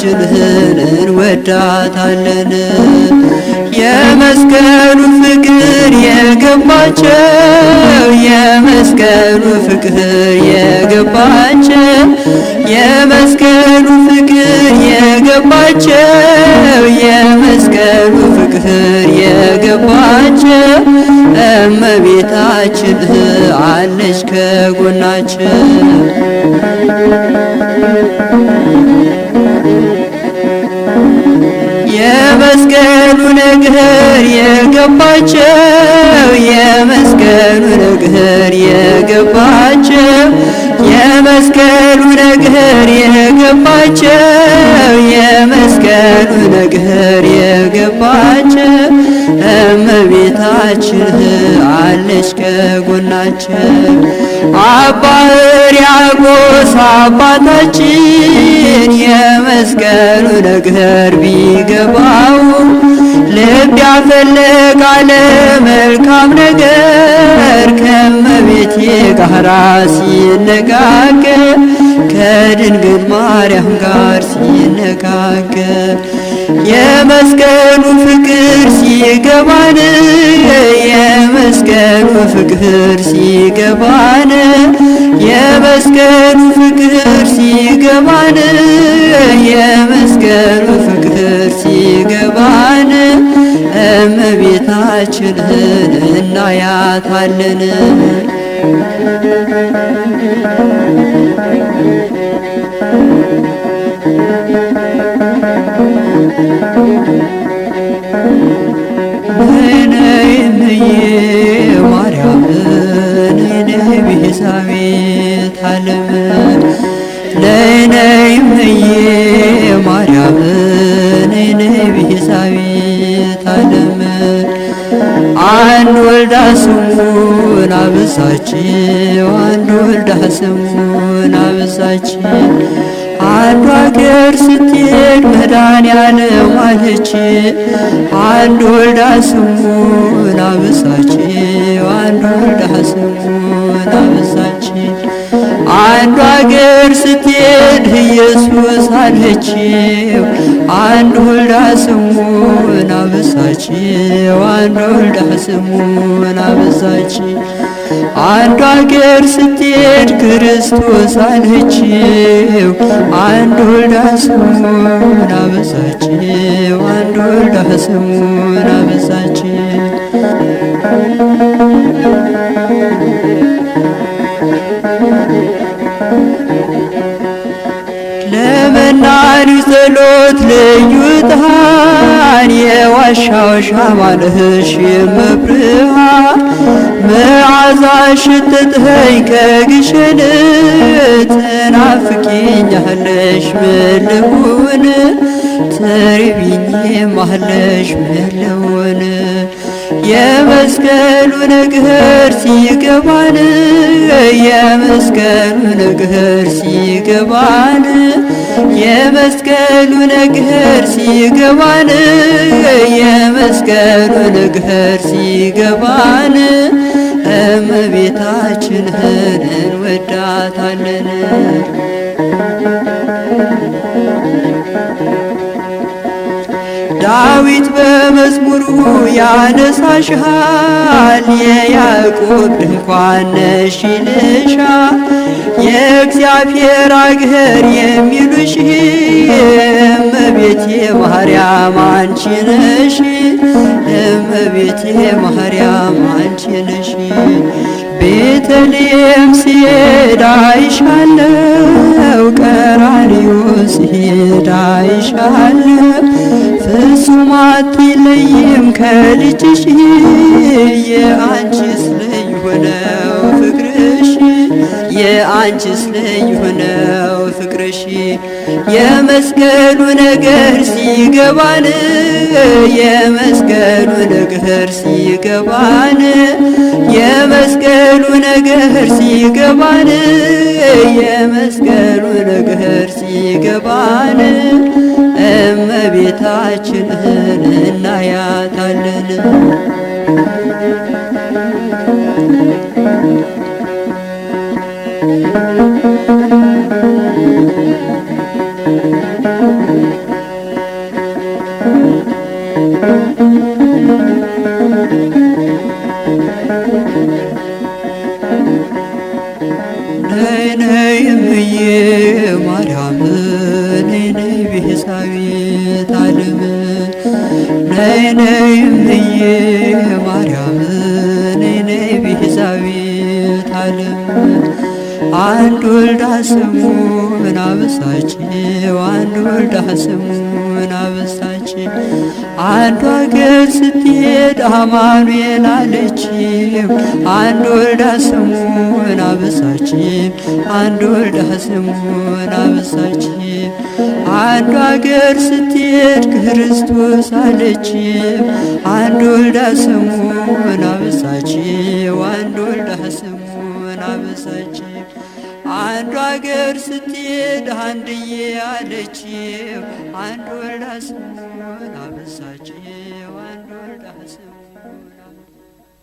አንችብህን እንወዳታለን። የመስቀሉ ፍቅር የገባቸው የመስቀሉ ፍቅር የገባቸው የመስቀሉ ፍቅር የገባቸው የመስቀሉ ፍቅር የገባቸው እመቤታችን አለች ከጎናችን እግር የገባቸው የመስቀሉን እግር የገባቸው የመስቀሉን እግር የገባቸው የመስቀሉን እግር የገባቸው እመቤታችን አለች ከጎናችን። አባ ሕርያቆስ አባታችን የመስቀሉን እግር ቢገባው ልብ ያፈልጋል መልካም ነገር ከመቤቴ ጋራ ሲነጋገ ከድንግል ማርያም ጋር ሲነጋገ! የመስቀሉ ፍቅር ሲገባን የመስቀሉ ፍቅር ሲገባን የመስቀሉ ፍቅር ሲገባን ጌታችንን እናያታለን። ወልዳ ስሙን አብሳችን አንድ ወልዳ ስሙን አብሳችን አንዱ አገር ስትሄድ መድኃኒዓለም አለች አንድ ወልዳ ስሙን አብሳችን አንድ ወልዳ ስሙን አንዱ አገር ስትሄድ ኢየሱስ አለችው። አንድ ወልዳ ስሙን አበሳችው። አንድ ወልዳ ስሙን አበሳችው። አንዱ አገር ስትሄድ ክርስቶስ አለችው። አንድ ወልዳ ስሙን አበሳችው። አንድ ወልዳ ስሙን አበሳችው። ለመናኒ ጸሎት ልዩ ጣን የዋሻው ሻማ ነሽ የመብርሃን መዓዛሽ ሽትትኸኝ ከግሸን ትናፍቂኛለሽ መለውን ትርቢኝ ማለሽ መለውን የመስቀሉ ነገር ሲገባን የመስቀሉ ነገር ሲገባን የመስቀሉ ነገር ሲገባን የመስቀሉ ነገር ሲገባን እመቤታችንን እንወዳታለን። ዳዊት በመዝሙሩ ያነሳሻል፣ የያዕቆብ ድንኳን ነሽ ይልሻል የእግዚአብሔር አገር የሚሉሽ እመቤቴ ማርያም አንቺ ነሽ እመቤቴ ማርያም አንቺ ነሽ ቤተልሔም ሲሄድ አይሻለው፣ ቀራንዮ ሲሄድ አይሻለው። ፍጹም አትለይም ከልጅሽ የአንቺስ ልዩ ሆነው ፍቅር የአንቺስ ልዩ ነው ፍቅርሽ የመስቀሉ ነገር ሲገባን የመስቀሉ ነገር ሲገባን የመስቀሉ ነገር ሲገባን ነይ ነይ እምዬ ማርያም ነይ ማርያም ነይ ነይ ቤዛዊተ ዓለም አንድ ወልዳ ስሙን አበሳችው አንድ ወልዳ ስሙን አበሳችው አለች። አንዱ አገር ስትሄድ አማኑኤል አለች። አንድ ወልዳ ስሙን አበሳች። አንድ ወልዳ ስሙን አበሳች። አንዱ አገር ስትሄድ ክርስቶስ አለች። አንድ ወልዳ ስሙን አበሳች። አንድ ወልዳ ስሙን አበሳች። አንዱ አገር ስትሄድ አንድዬ አለችው አንድ ወላስሆን አበሳች